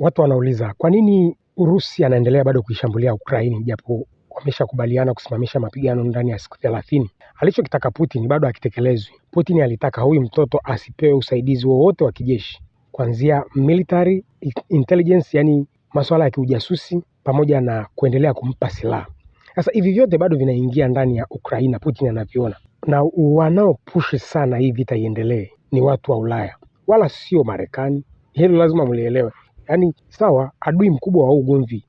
Watu wanauliza kwa nini Urusi anaendelea bado kuishambulia Ukraini japo wameshakubaliana kusimamisha mapigano ndani ya siku thelathini. Alichokitaka Putin bado hakitekelezwi. Putin alitaka huyu mtoto asipewe usaidizi wowote wa kijeshi kuanzia military intelligence, yani masuala ya kiujasusi pamoja na kuendelea kumpa silaha. Sasa hivi vyote bado vinaingia ndani ya Ukraina, Putin anaviona, na wanaopushi sana hii vita iendelee ni watu wa Ulaya, wala sio Marekani. Hilo lazima mlielewe yaani sawa adui mkubwa wa ugomvi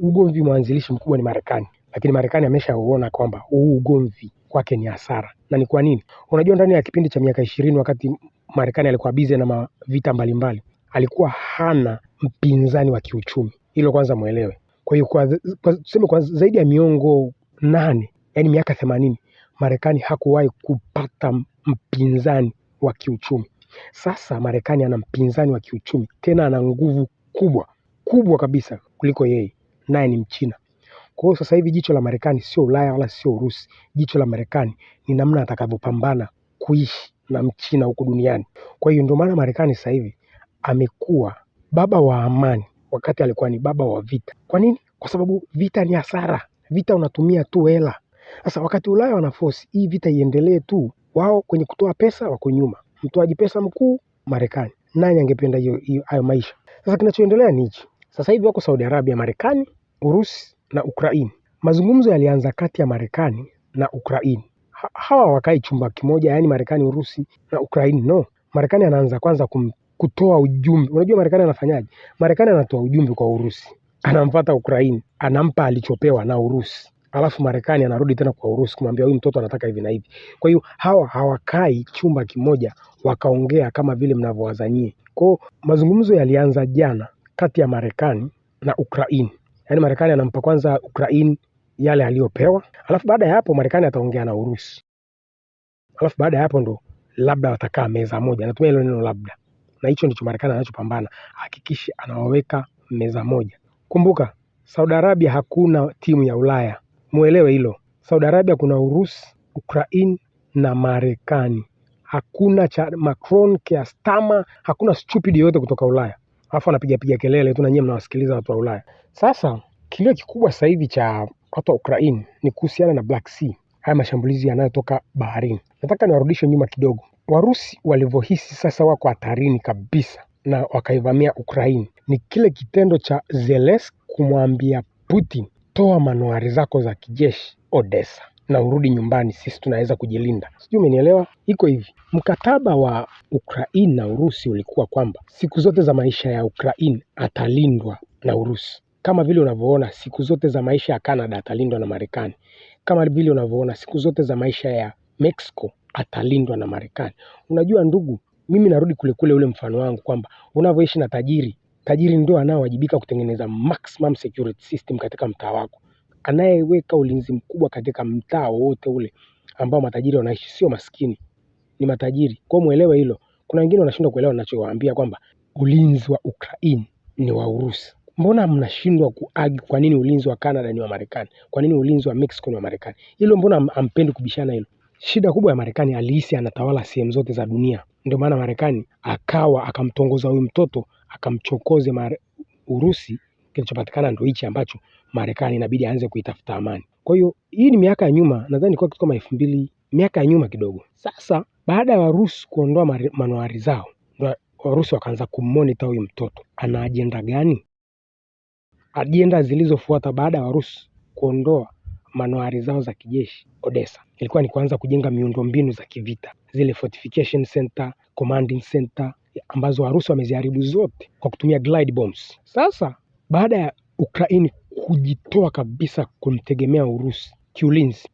ugomvi mwanzilishi mkubwa ni Marekani, lakini Marekani ameshauona kwamba huu ugomvi kwake ni hasara. Na ni kwa nini? Unajua, ndani ya kipindi cha miaka ishirini wakati Marekani alikuwa bize na mavita mbalimbali, alikuwa hana mpinzani wa kiuchumi. Hilo kwanza mwelewe. Kwa hiyo kwa, kwa, tuseme kwa zaidi ya miongo nane, yani miaka themanini, Marekani hakuwahi kupata mpinzani wa kiuchumi. Sasa Marekani ana mpinzani wa kiuchumi, tena ana nguvu kubwa kubwa kabisa kuliko yeye naye ni mchina kwa hiyo sasa hivi jicho la marekani sio ulaya wala sio urusi jicho la marekani ni namna atakavyopambana kuishi na mchina huku duniani kwa hiyo ndio maana marekani sasa hivi amekuwa baba wa amani wakati alikuwa ni baba wa vita kwa nini kwa sababu vita ni hasara vita unatumia tu hela sasa wakati ulaya wanaforce hii vita iendelee tu wao kwenye kutoa pesa wako nyuma mtoaji pesa mkuu marekani nani angependa hiyo hayo maisha sasa kinachoendelea ni hichi. Sasa hivi wako Saudi Arabia, Marekani, Urusi na Ukraini. Mazungumzo yalianza kati ya Marekani na Ukraini. Hawa wakai chumba kimoja, yaani Marekani, Urusi na Ukraini. No, Marekani anaanza kwanza kum, kutoa ujumbe. Unajua Marekani anafanyaje? Marekani anatoa ujumbe kwa Urusi, anamfata Ukraini, anampa alichopewa na Urusi, alafu Marekani anarudi tena kwa Urusi kumwambia huyu mtoto anataka hivi na hivi. Kwa hiyo hawa hawakai chumba kimoja wakaongea kama vile mnavyowazanyie kwao. mazungumzo yalianza jana kati ya Marekani na Ukraini. Yaani Marekani anampa kwanza Ukraini yale aliyopewa, alafu baada ya hapo Marekani ataongea na Urusi, alafu baada ya hapo ndo labda watakaa meza moja. anatumia hilo neno labda, na hicho ndicho Marekani anachopambana, hakikisha anawaweka meza moja. Kumbuka Saudi Arabia hakuna timu ya Ulaya, muelewe hilo. Saudi Arabia kuna Urusi, Ukraini na Marekani hakuna cha Macron, kiastama, hakuna stupid yoyote kutoka Ulaya, alafu anapiga piga kelele tu na nyinyi mnawasikiliza watu wa Ulaya. Sasa kilio kikubwa sasa hivi cha watu wa Ukraine ni kuhusiana na Black Sea, haya mashambulizi yanayotoka baharini. Nataka niwarudishe nyuma kidogo, Warusi walivyohisi sasa wako hatarini kabisa na wakaivamia Ukraine ni kile kitendo cha Zelensky kumwambia Putin, toa manuari zako za kijeshi Odessa na urudi nyumbani sisi tunaweza kujilinda. Sijui umenielewa? Iko hivi. Mkataba wa Ukraine na Urusi ulikuwa kwamba siku zote za maisha ya Ukraine atalindwa na Urusi. Kama vile unavyoona siku zote za maisha ya Canada atalindwa na Marekani. Kama vile unavyoona siku zote za maisha ya Mexico atalindwa na Marekani. Unajua ndugu, mimi narudi kule kule ule mfano wangu kwamba unavyoishi na tajiri, tajiri ndio anaowajibika kutengeneza maximum security system katika mtaa wako anayeweka ulinzi mkubwa katika mtaa wowote ule ambao matajiri wanaishi sio maskini ni matajiri kwa mwelewe hilo kuna wengine wanashindwa kuelewa ninachowaambia kwamba ulinzi wa Ukraine ni wa Urusi mbona mnashindwa kuagi kwa nini ulinzi wa Canada ni wa Marekani kwa nini ulinzi wa Mexico ni wa Marekani hilo mbona hampendi kubishana hilo shida kubwa ya Marekani alihisi anatawala sehemu zote za dunia ndio maana Marekani akawa akamtongoza huyu mtoto akamchokoze Urusi kilichopatikana ndio hichi ambacho Marekani inabidi aanze kuitafuta amani. Kwa hiyo hii ni miaka ya nyuma, nadhani kwa kitu kama elfu mbili, miaka ya nyuma kidogo. Sasa baada ya Warusi kuondoa manuari zao, Warusi wakaanza kummonita huyu mtoto ana ajenda gani. Ajenda zilizofuata baada ya Warusi kuondoa manuari zao za kijeshi Odessa ilikuwa ni kuanza kujenga miundombinu za kivita, zile fortification center, commanding center ambazo Warusi wameziharibu zote kwa kutumia glide bombs. Sasa baada ya Ukraini kujitoa kabisa kumtegemea Urusi kiulinzi.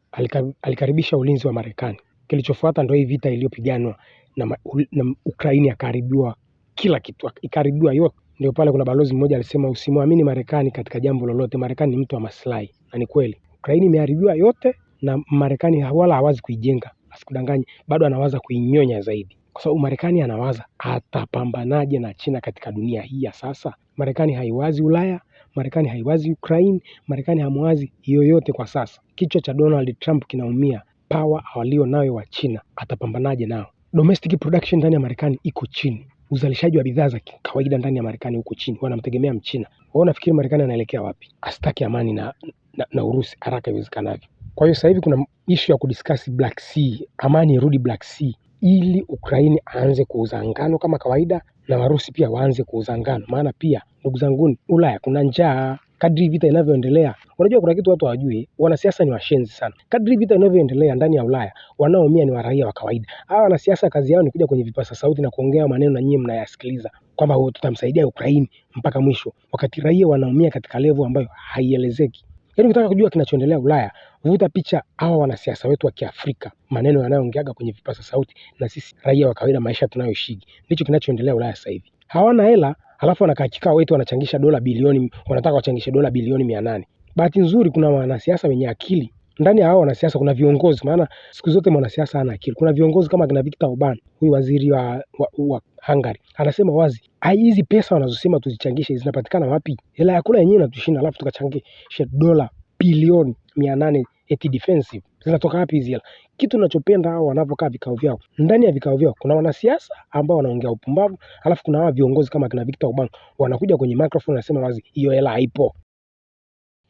Alikaribisha ulinzi wa Marekani. Kilichofuata ndo hii vita iliyopiganwa na, na Ukraini akaharibiwa kila kitu, ikaharibiwa yote. Ndio pale kuna balozi mmoja alisema usimwamini Marekani katika jambo lolote, Marekani ni mtu wa maslahi, na ni kweli. Ukraini imeharibiwa yote na Marekani wala hawazi kuijenga, asikudanganye, bado anawaza kuinyonya zaidi, kwa sababu Marekani anawaza atapambanaje na China katika dunia hii ya sasa. Marekani haiwazi Ulaya, Marekani haiwazi Ukraine, Marekani hamwazi yoyote kwa sasa. Kichwa cha Donald Trump kinaumia. Power walio nayo wa China atapambanaje nao? Domestic production ndani ya Marekani iko chini, uzalishaji wa bidhaa za kawaida ndani ya Marekani huko chini, wanamtegemea Mchina. Wao nafikiri Marekani anaelekea wapi? Asitaki amani na, na, na Urusi haraka iwezekanavyo. Kwa hiyo sasa hivi kuna ishu ya kudiscuss Black Sea, amani irudi Black Sea ili Ukraini aanze kuuza ngano kama kawaida na Warusi pia waanze kuuza ngano, maana pia ndugu zanguni, Ulaya kuna njaa kadri vita inavyoendelea. Unajua kuna kitu watu hawajui, wanasiasa ni washenzi sana. Kadri vita inavyoendelea ndani ya Ulaya, wanaoumia ni waraia wa kawaida. Hawa wanasiasa kazi yao ni kuja kwenye vipasa sauti na kuongea maneno na nyinyi mnayasikiliza kwamba tutamsaidia Ukraini mpaka mwisho, wakati raia wanaumia katika levo ambayo haielezeki. Yaani ukitaka kujua kinachoendelea Ulaya, vuta picha hawa wanasiasa wetu wa Kiafrika, maneno yanayoongeaga kwenye vipasa sauti na sisi raia wa kawaida, maisha tunayoishigi. Ndicho kinachoendelea Ulaya sasa hivi. Hawana hela, halafu wanakaa kikao wetu wanachangisha dola bilioni, wanataka wachangishe dola bilioni mia nane. Bahati nzuri kuna wanasiasa wenye akili ndani ya hao wanasiasa kuna viongozi, maana siku zote mwanasiasa ana akili. Kuna viongozi kama kina Viktor Orban, huyu waziri wa, wa, wa Hungary, anasema wazi, hizi pesa wanazosema tuzichangishe zinapatikana wapi? Hela ya kula yenyewe inatushinda, alafu tukachangisha dola bilioni mia nane eti defensive zinatoka wapi hizi hela? Kitu ninachopenda hao wanavyokaa vikao vyao, ndani ya vikao vyao kuna wanasiasa ambao wanaongea upumbavu, alafu kuna hawa viongozi kama kina Victor Orban wanakuja kwenye microphone, anasema wazi, hiyo hela haipo.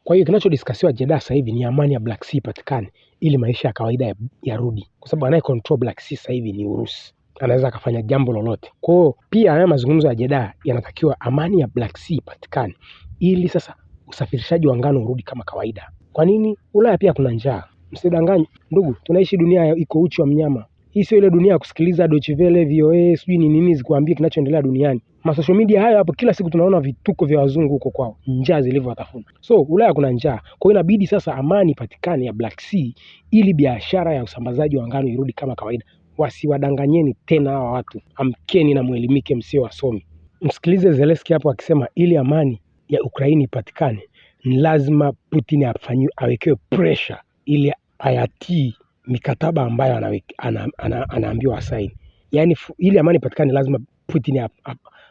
Kwa hiyo kinachodiskasiwa Jeddah sasa hivi ni amani ya Black Sea patikane ili maisha ya kawaida yarudi, kwa sababu anaye control Black Sea sasa hivi ni Urusi, anaweza akafanya jambo lolote. Kwa hiyo pia haya mazungumzo ya Jeddah yanatakiwa amani ya Black Sea patikane ili sasa usafirishaji wa ngano urudi kama kawaida. Kwa nini? Ulaya pia kuna njaa, msidanganye ndugu, tunaishi dunia iko uchi wa mnyama. Hii sio ile dunia ya kusikiliza Deutsche Welle, VOA, sijui ni nini zikuambie kinachoendelea duniani. Ma social media haya hapo, kila siku tunaona vituko vya wazungu huko kwao, njaa zilivyowatafuna. So Ulaya kuna njaa, kwa hiyo inabidi sasa amani ipatikane ya Black Sea, ili biashara ya usambazaji wa ngano irudi kama kawaida. Wasiwadanganyeni tena hawa watu, amkeni na mwelimike, msio wasomi. Msikilize Zelensky hapo akisema ili amani ya Ukraini ipatikane ni lazima Putin afanyiwe, awekewe pressure ili ayatii mikataba ambayo anaambiwa ili amani lazima Putin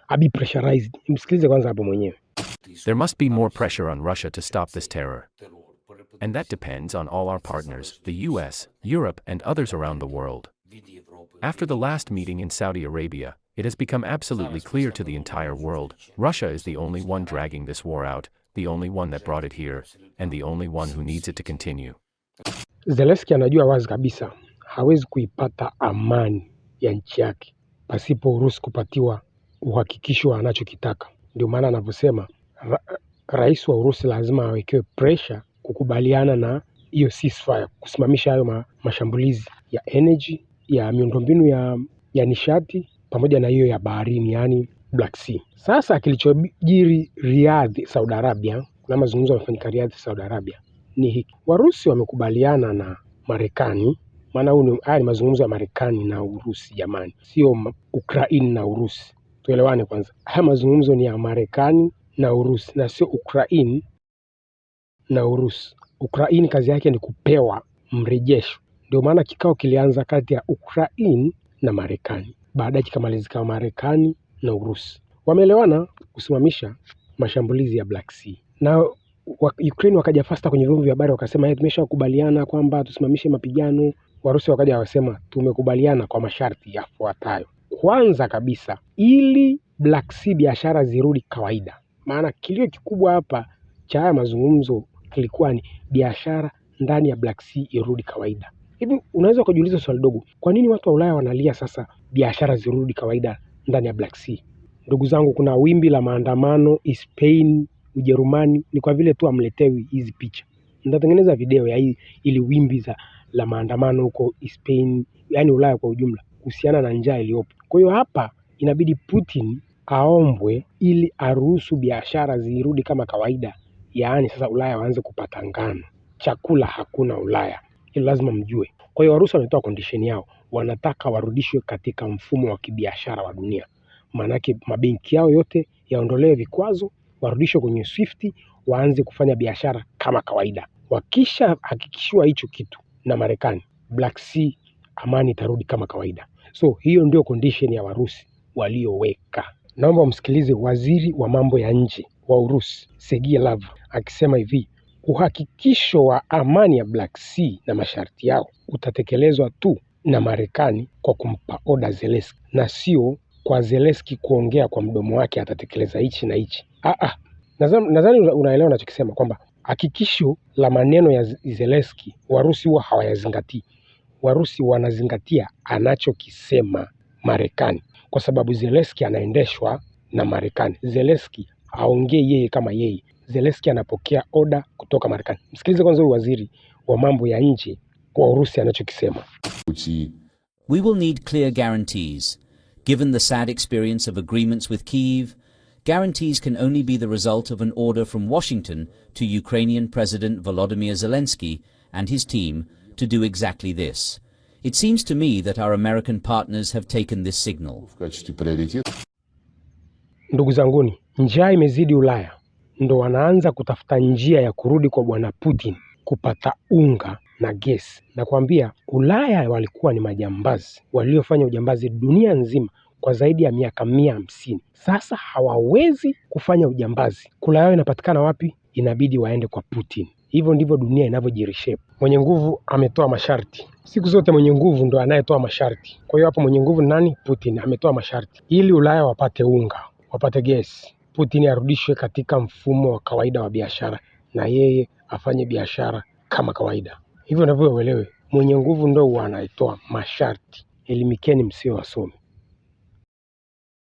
abi pressurized. Msikilize kwanza hapo mwenyewe. There must be more pressure on Russia to stop this terror. And that depends on all our partners, the US, Europe and others around the world. After the last meeting in Saudi Arabia, it has become absolutely clear to the entire world, Russia is the only one dragging this war out, the only one that brought it here, and the only one who needs it to continue. Zelensky anajua wazi kabisa hawezi kuipata amani ya nchi yake pasipo Urusi kupatiwa uhakikisho anachokitaka. Ndio maana anavyosema ra rais wa Urusi lazima awekewe pressure kukubaliana na hiyo ceasefire, kusimamisha hayo ma mashambulizi ya energy, ya miundombinu ya, ya nishati pamoja na hiyo ya baharini, yaani Black Sea. Sasa kilichojiri Riyadh, Saudi Arabia, kuna mazungumzo yamefanyika Riyadh, Saudi Arabia, ni hiki. Warusi wamekubaliana na Marekani, maana haya ni mazungumzo ya Marekani na Urusi jamani, sio Ukraini na Urusi. Tuelewane kwanza, haya mazungumzo ni ya Marekani na Urusi na sio Ukraini na Urusi. Ukraini kazi yake ni kupewa mrejesho. Ndio maana kikao kilianza kati ya Ukraini na Marekani, baadaye kikamalizika Marekani na Urusi. Wameelewana kusimamisha mashambulizi ya Black Sea na wa, Ukraine wakaja fasta kwenye vyombo vya habari wakasema tumeshakubaliana kwamba tusimamishe mapigano. Warusi wakaja wakasema tumekubaliana kwa masharti yafuatayo. Kwanza kabisa, ili Black Sea biashara zirudi kawaida, maana kilio kikubwa hapa cha haya mazungumzo kilikuwa ni biashara ndani ya Black Sea irudi kawaida. Hivi unaweza ukajiuliza swali dogo, kwa nini watu wa Ulaya wanalia sasa biashara zirudi kawaida ndani ya Black Sea? Ndugu zangu, kuna wimbi la maandamano Spain Ujerumani ni kwa vile tu amletewi hizi picha. Nitatengeneza video ya hii ili wimbi za la maandamano huko Spain, yani ulaya kwa ujumla, kuhusiana na njaa iliyopo Kwa hiyo hapa inabidi Putin aombwe ili aruhusu biashara zirudi kama kawaida, yaani sasa ulaya waanze kupata ngano. Chakula hakuna ulaya. Hilo lazima mjue. Kwa hiyo warusi wametoa condition yao, wanataka warudishwe katika mfumo wa kibiashara wa dunia. Maanake mabenki yao yote yaondolewe vikwazo warudishwe kwenye Swift waanze kufanya biashara kama kawaida. Wakishahakikishiwa hicho kitu na Marekani, Black Sea amani itarudi kama kawaida. So hiyo ndio condition ya Warusi walioweka. Naomba msikilize waziri wa mambo ya nje wa Urusi sergey Lavrov akisema hivi: uhakikisho wa amani ya Black Sea na masharti yao utatekelezwa tu na Marekani kwa kumpa oda Zelensky na sio kwa Zelensky kuongea kwa mdomo wake, atatekeleza hichi na hichi. Ah, ah. Nadhani unaelewa nachokisema kwamba hakikisho la maneno ya Zelensky Warusi huwa hawayazingatii. Warusi wanazingatia anachokisema Marekani kwa sababu Zelensky anaendeshwa na Marekani. Zelensky haongei yeye kama yeye. Zelensky anapokea oda kutoka Marekani. Msikilize kwanza huyu waziri wa mambo ya nje wa Urusi anachokisema. We will need clear guarantees given the sad experience of agreements with Kyiv guarantees can only be the result of an order from Washington to Ukrainian President Volodymyr Zelensky and his team to do exactly this. It seems to me that our American partners have taken this signal. Ndugu zanguni, njaa imezidi Ulaya, ndo wanaanza kutafuta njia ya kurudi kwa bwana Putin kupata unga na gesi. Nakwambia Ulaya walikuwa ni majambazi waliofanya ujambazi dunia nzima kwa zaidi ya miaka mia hamsini. Sasa hawawezi kufanya ujambazi. Kula yao inapatikana wapi? Inabidi waende kwa Putin. Hivyo ndivyo dunia inavyojireshape. Mwenye nguvu ametoa masharti. Siku zote mwenye nguvu ndo anayetoa masharti. Kwa hiyo hapo mwenye nguvu nani? Putin ametoa masharti ili Ulaya wapate unga, wapate gesi, Putin arudishwe katika mfumo wa kawaida wa biashara na yeye afanye biashara kama kawaida. Hivyo navyo uelewe, mwenye nguvu ndo huwa anayetoa masharti. Elimikeni msio wasomi.